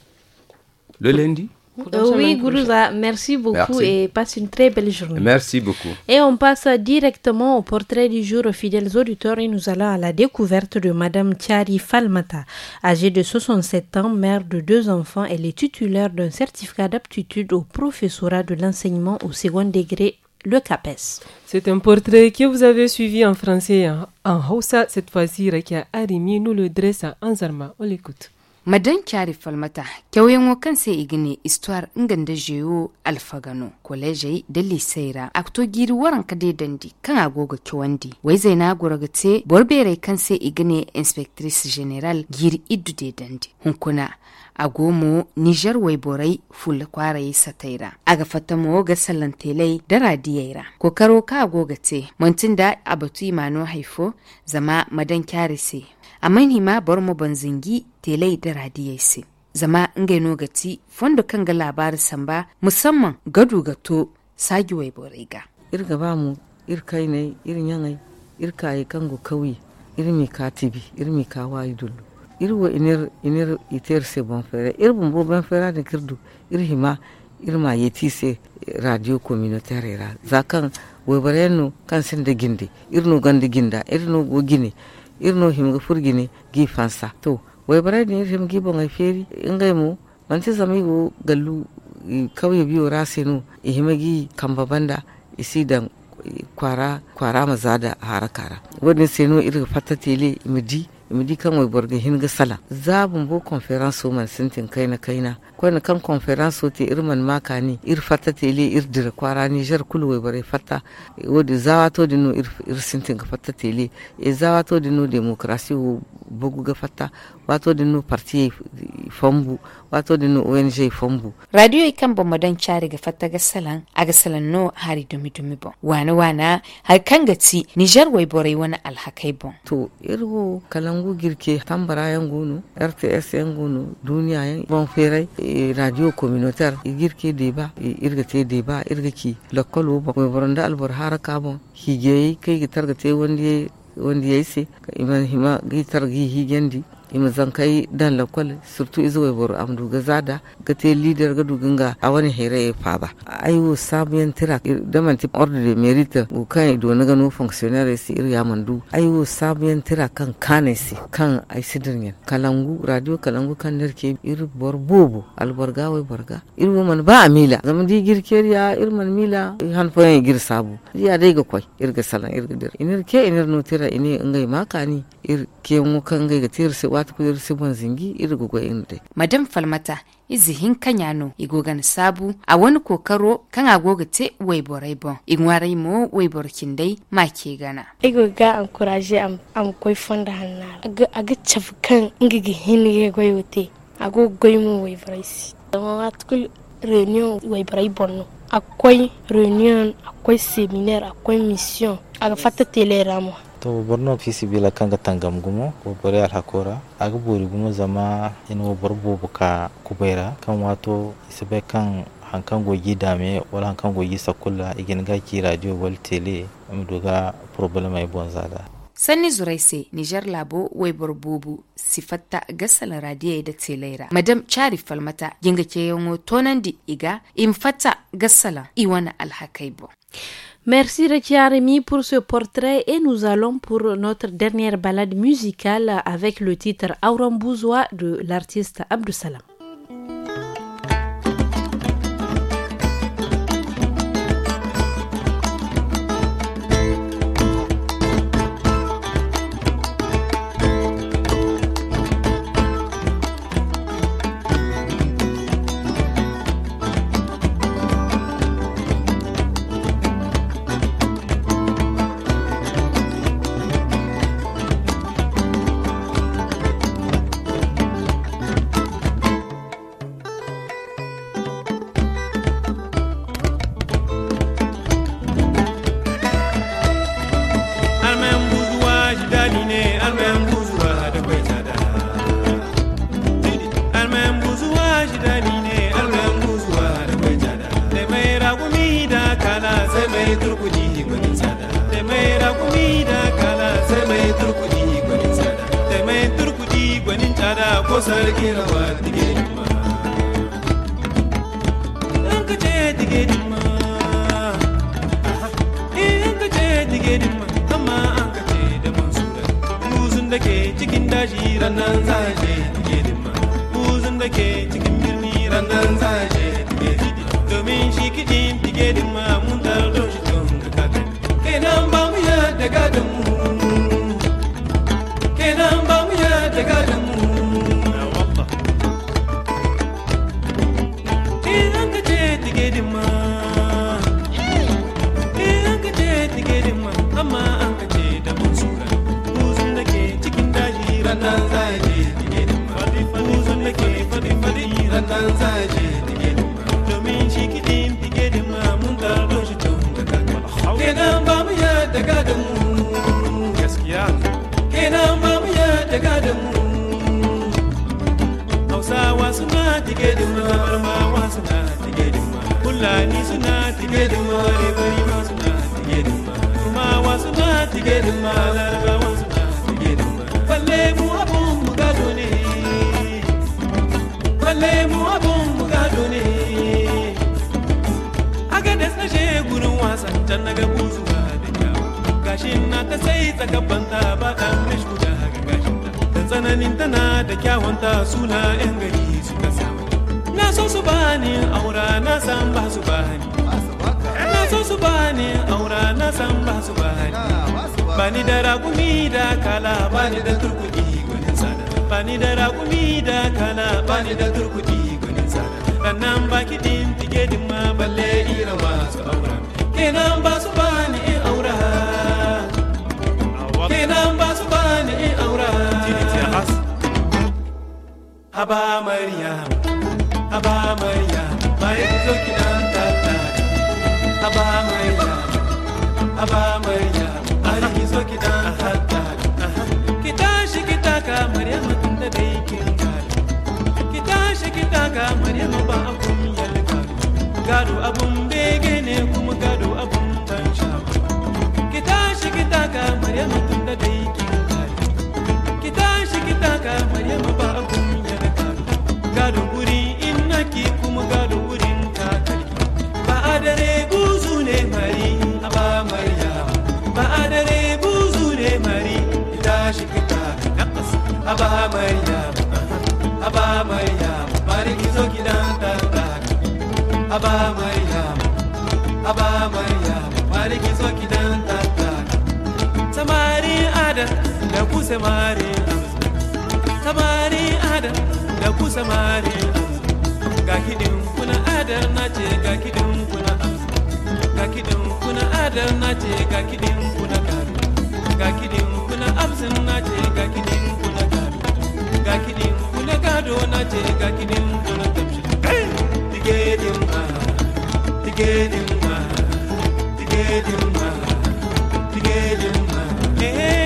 le lundi. Oui, Guruza, merci beaucoup et passe une très belle journée. Merci beaucoup. Et on passe directement au portrait du jour aux fidèles auditeurs et nous allons à la découverte de Madame Thiari Falmata. Âgée de 67 ans, mère de deux enfants, elle est titulaire d'un certificat d'aptitude au professorat de l'enseignement au second degré le CAPES. C'est un portrait que vous avez suivi en français hein, en, Hausa. Cette fois-ci, Rekia Arimi nous le dresse à Anzarma. On l'écoute. madan kyari falmata kyauyen wakan sai igine istuwar da jeyo alfagano kolejai da lisaira akto giri waran kade dandi kan ki kiwandi wai zai na guragate borbere kan sai igine inspectrice general giri idu de dandi hunkuna agomo nijar waiborai ful kwaraye sataira aga fatamo ga salantelai da radiyaira kokaro ka agoga ce mantin da abatu imano haifo zama madan kyarise amma ni ma bar mu banzingi telai da radiyaise zama no gati fondo kan ga labarin samba musamman gadu gato sagi waiborai ga irga ba mu irkai ne irin yanai irkai kan go kauye irmi katibi irmi kawai idullu irwo inir inir iter se bon fere ir bon bo ben fere ne kirdu ir hima ir ma yeti se radio communautaire ra zakan we barenu kan sin de gindi ir no gandi ginda ir no go gini ir no go fur gini gi fansa to we barenu ir gi bon feri ingai mu manti zami go gallu kauye biyo rasenu ihima gi kamba banda isi dan kwara kwara mazada harakara wani seno irin fatatele midi midi kan wai borgin hinga sala zabun bo conference man sintin kaina kaina ko na kan conference wote irman maka ni ir te tele ir dir kwara ni jar kulu wai bare fata. wodi zawa to dinu ir ir sintin ga te tele e zawa to dinu demokrasi wo bugu ga fata. da no parti fombu da no ong fombu radio ikan kan bomo dan cari ga fatta ga salan aga salan no hari dumi dumi bon wana wana har kan gaci ti niger wai bore wani alhakai bon to irgo kalangu girke tambara yan gono rts yan gono duniya yan bon ferai e radio communautaire e girke de ba e irga te de ba irga ki lokol wo ko boranda albor haraka bon hige kai ga targa te wanda wanda yayi se ka iman hima gitar gihi gendi ima zankai dan lakwal surtu izo wai bor amdu ga zada ga te leader ga duginga a wani ya fa ba ai wo sabiyan tira da man ti ordre de mérite u kai do na ga no fonctionnaire si ir ya mandu ai wo sabiyan tira kan si kan ai sidirin kalangu radio kalangu kan nerke ir bor bobo al borga wai borga ir wo man ba amila zama di ya ir man mila han yan gir sabu ya dai ga kwai ir ga salan ir ga dir inir ke inir no tira ini ngai makani ir ke mu kan ga tir se wa Madame Falmata, zingi irigugo inre madam falmata izihin kanyano igogan sabu a wani kokaro kan agoga te waibor aibon Je mo waibor kindai ma ke gana igoga an am koi fonda hanna un peu ngigi hinige Je à un peu reunion suis un akwai reunion akwai seminar akwai mission peu to borno fisi bila kanga tangam gumo ko bore al hakora aga bori gumo zama bor borbo buka kubera kan wato isabe kan hankan gogi dame wala hankan gogi sakulla igin ga ki radio wal tele am doga problem ay zada sanni zuraise niger labo bor bubu sifatta gasala radio da telera madam chari falmata ginga ke yongo tonan di iga in fatta gasala iwana alhakaibo Merci Rekia Rémi pour ce portrait et nous allons pour notre dernière balade musicale avec le titre Bouzois de l'artiste Abdou Salam. tigeduma everybody wants ma tigeduma kuma wants ma tigeduma laraba wants ma tigeduma balle mu abun bugado ne balle mu abun bugado ne aga da sashe gurin wasan can naga buzuwa da kyawu gashin na ta sai tsakabanta ba ta mishkuda ga gashin ta ta tsananin tana da kyawunta suna yan gari suka samu na so su bani aura na san ba su bani so su bani aura na san ah, ba su bani bani da ragumi da kala bani da turkuki gunin sana bani da ragumi da kala bani da turkuki gunin nan ba ki din tige din ma balle ira su aura kenan ba su bani in aura kenan ba su bani in aura haba maryam haba maryam bayan zo kidan abun bege ne kuma gado ku samari samari adam da ku samari ga kidin kuna adam na ce ga kidin kuna ga kidin kuna adam na ce ga kidin kuna karu ga kidin kuna absin na ce ga kidin kuna karu ga kidin kuna gado na ce ga kidin kuna kamshi kai tigedin ma tigedin ma tigedin ma tigedin ma eh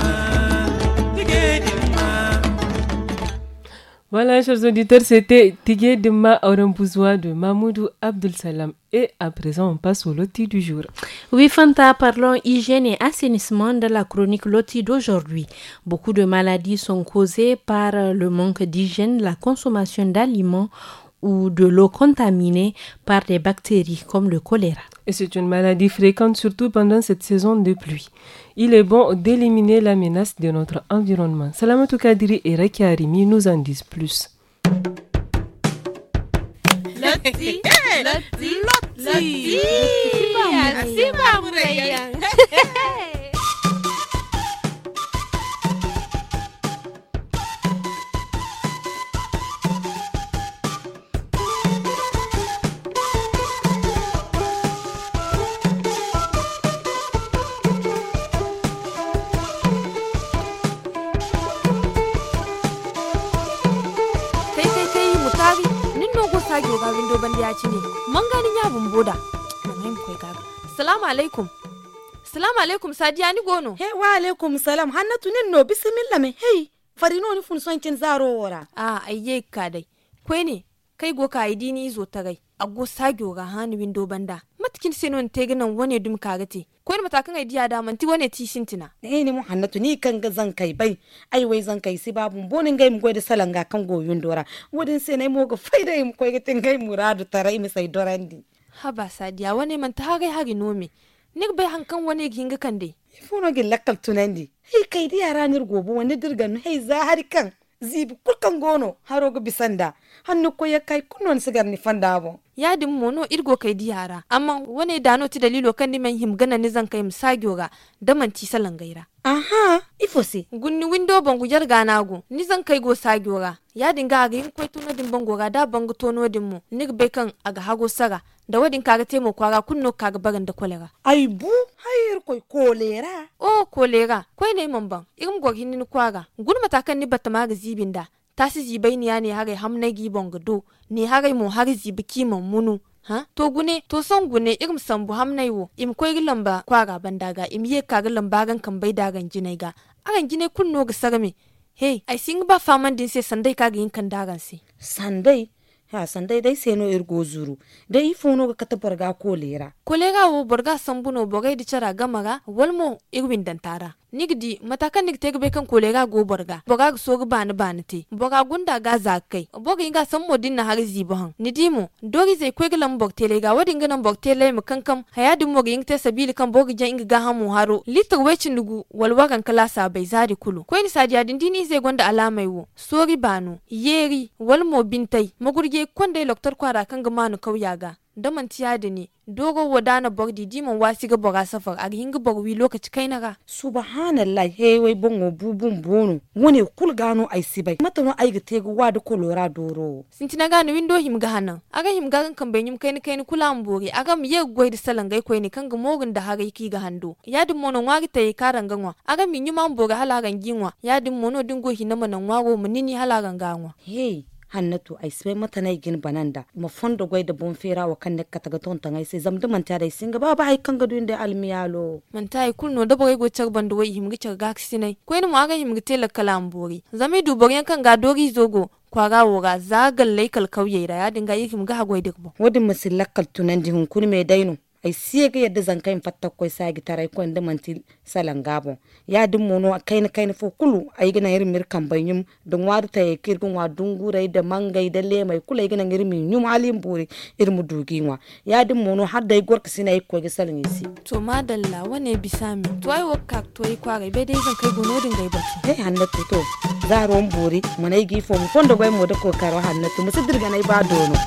Voilà, chers auditeurs, c'était Tigé de Ma de Mamoudou Abdul Salam. Et à présent, on passe au loti du jour. Oui, Fanta, parlons hygiène et assainissement de la chronique loti d'aujourd'hui. Beaucoup de maladies sont causées par le manque d'hygiène, la consommation d'aliments ou de l'eau contaminée par des bactéries comme le choléra. Et c'est une maladie fréquente, surtout pendant cette saison de pluie il est bon d'éliminer la menace de notre environnement. Salamatou Kadiri et Reki nous en disent plus. yage ba windo bandi ya ci ne mun ganin ya bumbo da mamayin kai gaga salamu alaikum salamu alaikum sadiya ni gono he wa alaikum salam hannatu nin no bismillah me hey farino ni fun son kin zaro wora a ah, ayyeka dai kwai ne kai go ka ni zo tagai aggo sagyo ga hani window banda matkin senon teginan wane dum kagate ko ni matakan ai diya daman ti wane ti shintina eh ni mu hannatu ni kan ga zan kai bai ai wai zan kai si babu bonin gai mu go da salanga kan goyun dora wodin sai nai mu ga faida im koi gatin gai muradu tarai mi sai dorandi haba sadiya wane man ta ga hagi nomi ni bai hankan wane ginga kan dai ifono gi lakkal tunandi hei kai diya ranir gobo wani dirgan hei za kan zibi kulkan gono haro ga bisanda hannu ko ya kai kunnon sigar ni fandabo yadin mono irgo kai di yara amma wani dano ti dalilo kan dimen him gana ni zan kai misagyo ga daman ti salan gaira aha ifose gunni window bangu gana go. ni zan kai go sagyo ga yadin ga ga hin koi tuno din bango ga da bangu tono din mu ni be kan aga hago saga da wadin kaga temo kwaga kunno kaga bagan da kolera ai bu hayir koi kolera o oh, kolera koi ne mamban irin gogin ni kwaga gun matakan ni batta ga zibin da tasi zibai niya ne hare gado ne ni hare mo hare zibi kimon munu ha to gune to son gune irim sambu hamnai wo im koy lamba kwara bandaga im ye kaga lamba gan kan bai dagan jinai ga aran jinai kunno ga sagame hey ai singa ba faman din sai sandai ga yin kan dagan sai sandai ha dai dai seno irgo zuru dai ifono ga kata ko kolera kolega wo borga bogai di cara ga walmo igwin dantara nigdi matakan nig tegbe kan kolega go borga boga so ga bani bani te boga gunda ga zakai boga inga san modin na harzi bohan nidimo dogi zai kwe lam bok ga wadin ganan bok tele mu kankam haya dum moga te sabili kan boga jan inga ga mu haro litir wechi nugu walwa kan sa bai zari kulu koyin sadiya dindini zai gonda alamai wo sori banu yeri walmo bintai magurge te kwanda loktor kwara kan gama nu kauya ga daman tiya ne dogo wadana bor di diman wasi ga bora safar a hinga bor wi lokaci kai na ga subhanallah he wai bongo bun bono wone kul gano ai sibai mata no ai ga tegu wa da kolora doro sintina gano windo him ga hanan aga him ga kan benyum kai ni kai ni kula mbori aga mi yeg da salan gai koi ni kan ga mogun da haga yiki ga hando yadin mono ngwa ga yi karan ganwa aga mi nyuma mbori halagan ginwa mono dingo hinama nan wago munini halagan ganwa hey hannatu ai sai mata nay gin bananda ma fondo goy da bon fera wa kan nekata ga ton tangai sai zamdu man ta dai singa baba ai kan gadu inde almiyalo man ta ai kulno da bogay go char bandu wai himgi ga gaksi nay ko mu ma ga himgi tela bori zami du bogyan kan ga dori zogo kwaga woga zagal laikal kauye da ya dinga yikim ga hagoi dikbo wadin masillakal tunan dihun kun me dainu ay ga yadda zan kai fatta koy sagi tarai ko inda manti salan gabo ya dum mono kaina kaina fo kulu ai gina irin mir kambanyum don wadu ta ya kirgun wa dungurai da mangai da lemai kula gina irin min nyum alim buri irin mu wa ya dum mono har da gorka sina ko ga salan yisi to madalla wane bisami to ai wakka to yi kwara bai dai kai gono din gai baki eh hannatu to zaron buri munai gifo mu fonda bai mu da kokaro hannatu musu dirga nai ba dono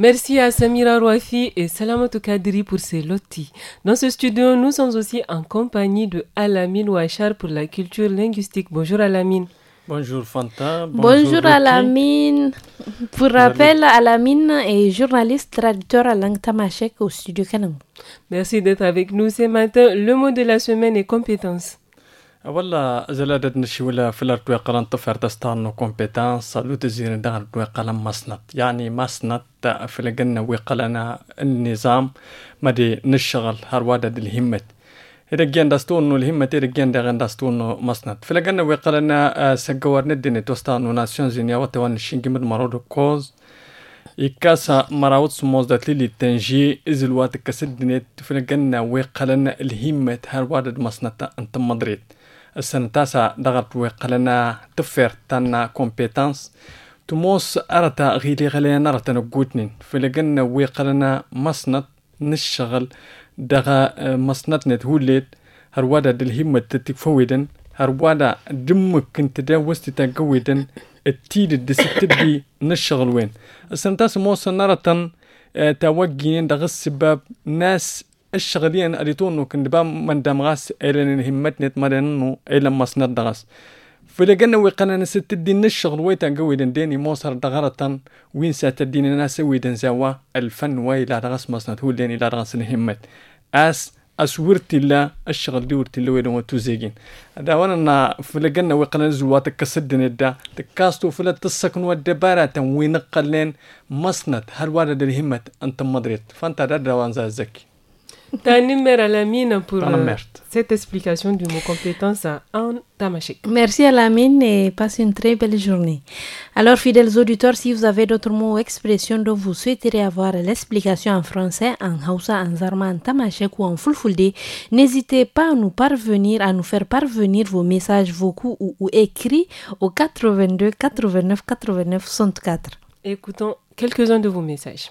Merci à Samira Rouafi et Salamatou Kadri pour ces lotis. Dans ce studio, nous sommes aussi en compagnie de Alamine Ouachar pour la culture linguistique. Bonjour Alamine. Bonjour Fanta. Bonjour, bonjour Alamine. Pour rappel, Alamine est journaliste traducteur à langue tamashek au studio Canon. Merci d'être avec nous ce matin. Le mot de la semaine est compétence. أولا زلا داد نشي ولا في الارد ويقال نطفر دستان وكومبيتانس صادو تزير دار ويقال مصنط يعني مصنط في لقنا ويقلنا انا النظام مدي نشغل هروادة دي الهمة رجعنا دستون الهمة رجعنا دغن دستون مصنط في لقنا ويقلنا انا سجوار ندني توستان ناسيون زينيا وتوان شينجي من مرور كوز يكاسا مراوت سموز دات ليلي تنجي ازلوات كسدنت في لقنا ويقلنا الهمة هروادة مصنطة انت مدريد سنتاسا دغت وقلنا تفر تانا كومبيتانس تموس أرتا غيلي غلي نرتا نقوتنين فلقنا وقلنا مصنط نشغل دغا آه، مصنط نتهوليت هروادا دلهمة تتكفويدن هروادا دمك كنت دا وستي تقويدن التيد دستبي نشغل وين السنتاسا موس نرتا آه، توجين دغس السباب ناس الشغلية أنا أريتون كن دبا من دمغاس إلا نهمت همتني تمرن إلا ما سنر دغاس فلقنا وقنا ست الدين الشغل ويتا قوي ديني موصر دغرة وين ساتدين الناس ويدن زوا الفن ويلا دغاس ما سنت هو ديني لا دغاس الهمت أس أسورت الله الشغل دي ورت الله ويدو توزيجين هذا وانا فلقنا وقنا زوا تكسدن الدا تكاستو فلا تسكن ودبارة وين قلين مصنت هل وارد الهمت أنت مدريت فانت دا وانزا زكي numéro à pour euh, cette explication du mot compétence en tamashek. Merci à la mine et passe une très belle journée. Alors, fidèles auditeurs, si vous avez d'autres mots ou expressions dont vous souhaiterez avoir l'explication en français, en hausa, en zarma, en tamashek ou en fulfulde, n'hésitez pas à nous parvenir, à nous faire parvenir vos messages vocaux ou, ou écrits au 82 89 89 64. Écoutons quelques-uns de vos messages.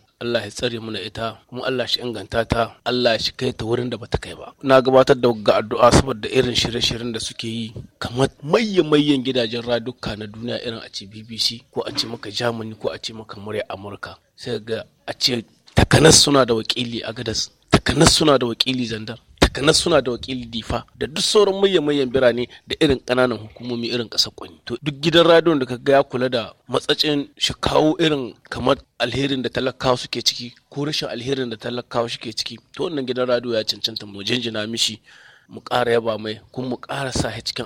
Allah ya tsare mana ita kuma Allah shi inganta ta Allah shi kai ta wurin da bata kai ba na gabatar da ga addu'a saboda irin shirye-shiryen da suke yi kamar mayyan mayyan gidajen raduka na duniya irin a ce BBC ko a ce maka Germany ko a ce maka murya Amurka sai ga a ce takanas suna da wakili a gadas takanas suna da wakili zandar takanas suna da wakili difa da duk sauran mayyan birane da irin ƙananan hukumomi irin ƙasar kwani to duk gidan radiyon da kaga ya kula da matsacin shi kawo irin kamar alherin da talakawa suke ciki ko rashin alherin da talakawa suke ciki to wannan gidan radiyo ya cancanta mu jinjina mishi mu ƙara yaba mai kuma mu ƙara sa shi cikin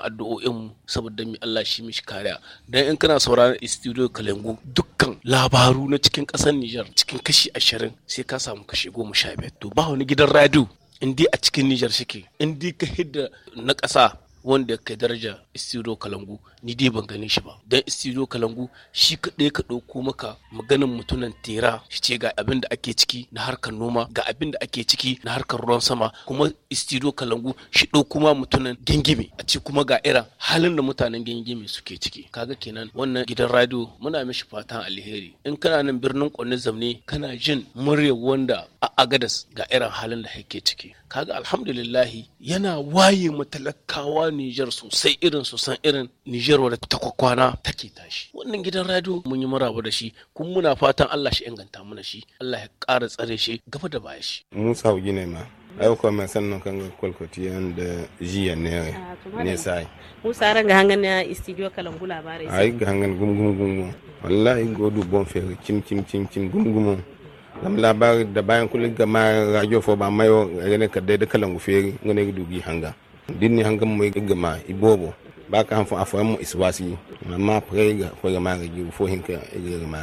mu saboda mi Allah shi mishi kariya dan in kana sauraron studio Kalengu dukkan labaru na cikin ƙasar Niger cikin kashi ashirin sai ka samu kashi goma to ba wani gidan radio in a cikin Nijar ke, in ka hidda na ƙasa wanda ya daraja istiro kalangu ni dai ban ganin shi ba dan istiro kalangu shi kadai ka ɗauko maka maganin mutunan tera shi ce ga abin da ake ciki na harkar noma ga abin da ake ciki na harkar ruwan sama kuma istiro kalangu shi ɗauko ma mutunan gingime a ce kuma ga irin halin da mutanen gingime suke ciki kaga kenan wannan gidan radio muna mishi fatan alheri in kana nan birnin kwanne zamne kana jin murya wanda a agadas ga irin halin da yake ciki kaga alhamdulillahi yana waye matalakawa Nijar sosai irin su san irin Nijar wadda ta kwakwana take tashi. Wannan gidan radio mun yi maraba da shi kuma muna fatan Allah shi inganta mana shi Allah ya ƙara tsare shi gaba da baya shi. Musa Ugine ma. aiko mai sannan kan ga kwalkwati da jiya ne ah, ne sai musa ran ga hangan na istidiyo kalangu labarai ai ga hangan gum gum wallahi godu bon fe kim kim kim kim gum lam labari da bayan kullu ga ma radio fo ba mayo ne ka dai da kalangu fe ga dubi hanga dinni hangam moy gama ibobo ka han mu afam iswasi ma prega ko gama ga jibu fo hinka ga gama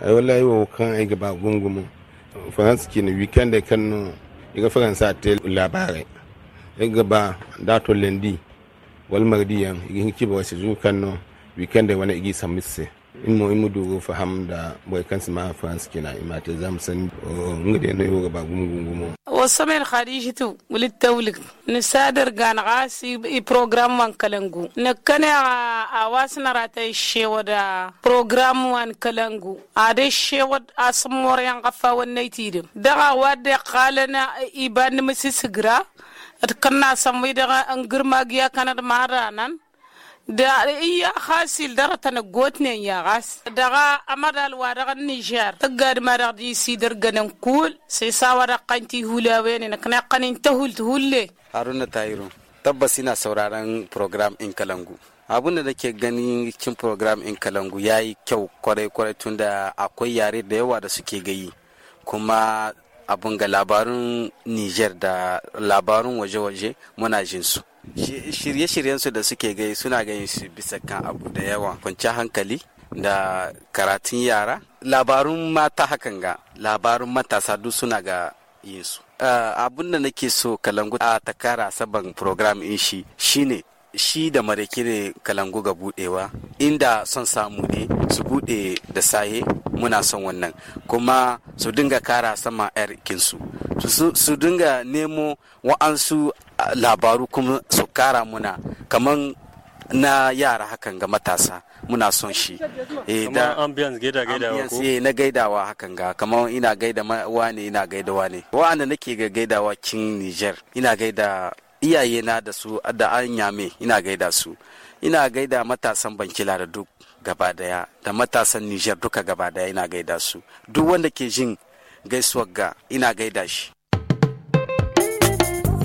ay wallahi wo kan ay ba gungumu france ki ne weekend e kan no iga france te labare ay ba da to lendi wal mardiyan iga hinki ba wasu kan no weekend e wani igi samisse imu imu dugu faham da boy kan sama france kina imate zam san ngade no yoga ba gumu gumu wasamen tu wul tawlik ni sadar gan gasi i program wan kalangu ne kane a wasna rata shewa da program wan kalangu a de shewa wor yan qafa wannan tidim daga wadde qalana iban misisigra at kanna samwi daga an girma giya kanar maranan da iya hasil dara tana gotne ya gas daga amadal wa daga niger ma madar di sidar ganan kul sai sawara kanti hulawe ne na kana kanin tahul hulle haruna tayiro tabbas ina sauraron program in kalangu abin da nake ganin cikin program in kalangu ya yi kyau kwarai kwarai tunda akwai yare da yawa da suke gayi kuma abin ga labarin niger da labarin waje-waje muna jinsu shirye-shiryensu da suke gai suna ganin su bisa kan abu da yawa kwanci hankali da karatun yara labarun mata hakan ga labarun matasa duk suna ga yinsu eh, abun da nake so kalangu a takara saban program in shi shine shi da mareke ne kalangu ga budewa inda son samu ne su bude da saye muna son wannan kuma su dinga kara sama yar kinsu su dinga nemo wa'ansu labaru kuma su kara muna kamar na yara hakan ga matasa muna son shi eh da ambiance gaida gaidawa ko eh na gaidawa hakan ga kamar ina gaida wane ina gaida wane wa'anda nake ga gaidawa kin Niger ina gaida iyaye na da su da anyame ina gaida su ina gaida matasan bankila da duk gaba daya da matasan Niger duka gaba daya ina gaida su duk wanda ke jin gaisuwar ga ina gaida shi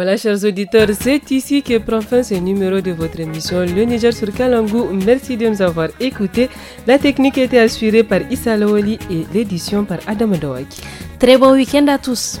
Voilà, chers auditeurs, c'est ici que prend fin ce numéro de votre émission Le Niger sur Kalangou. Merci de nous avoir écoutés. La technique était assurée par Issa Lawali et l'édition par Adam Dawaki. Très bon week-end à tous.